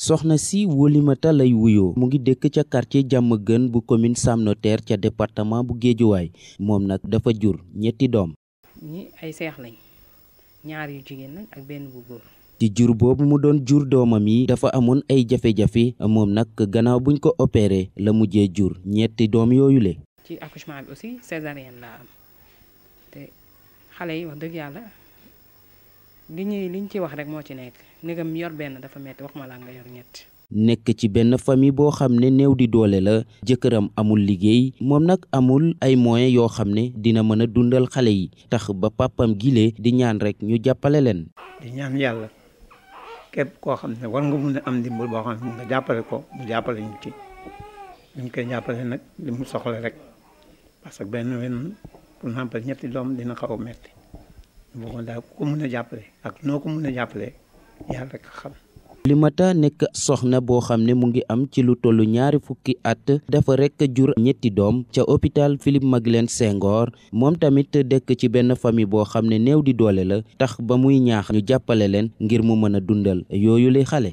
soxna si Woulimata lay wuyoo mu ngi dëkk ca quartier jàmm gën bu commune Sam Notaire ca département bu Géejuwaay moom nag dafa jur ñetti doom ñi ay seex lañ ñaar yu jigéen lañ ak benn bu góor ci jur boobu mu doon jur doomam yi dafa amoon ay jafe-jafe moom nag gannaaw buñ ko opeeree la mujjee jur ñetti doom yooyu le ci accouchement bi aussi césarienne laa am te xale yi wax dëgg yàlla li ñuy li ñu wax rek moo ci nekk ndegam yor benn dafa wax ma laa yor ñett. nekk ci benn famille boo xam ne néew di doole la jëkkëram amul liggéey moom nag amul ay moyens yoo xam ne dina mën a dundal xale yi tax ba pàppam gile di ñaan rek ñu jàppale leen. di ñaan yàlla képp koo xam ne war nga mun a am ndimbal boo xam ne nga jàppale ko mu jàppale ñu ci ñu ngi koy jàppale nag li mu soxla rek parce que benn wenn pour nàmpal ñetti doom dina xaw a metti ñu bëggoon a jàppale ak noo ko a jàppale yàlla nekk soxna boo xam ne mu ngi am ci lu tollu ñaari fukki at dafa rek jur ñetti doom ca hôpital Philippe Maguilène Senghor moom tamit dëkk ci benn famille boo xam ne néew di doole la tax ba muy ñaax ñu jàppale leen ngir mu mën a dundal yooyu lay xale.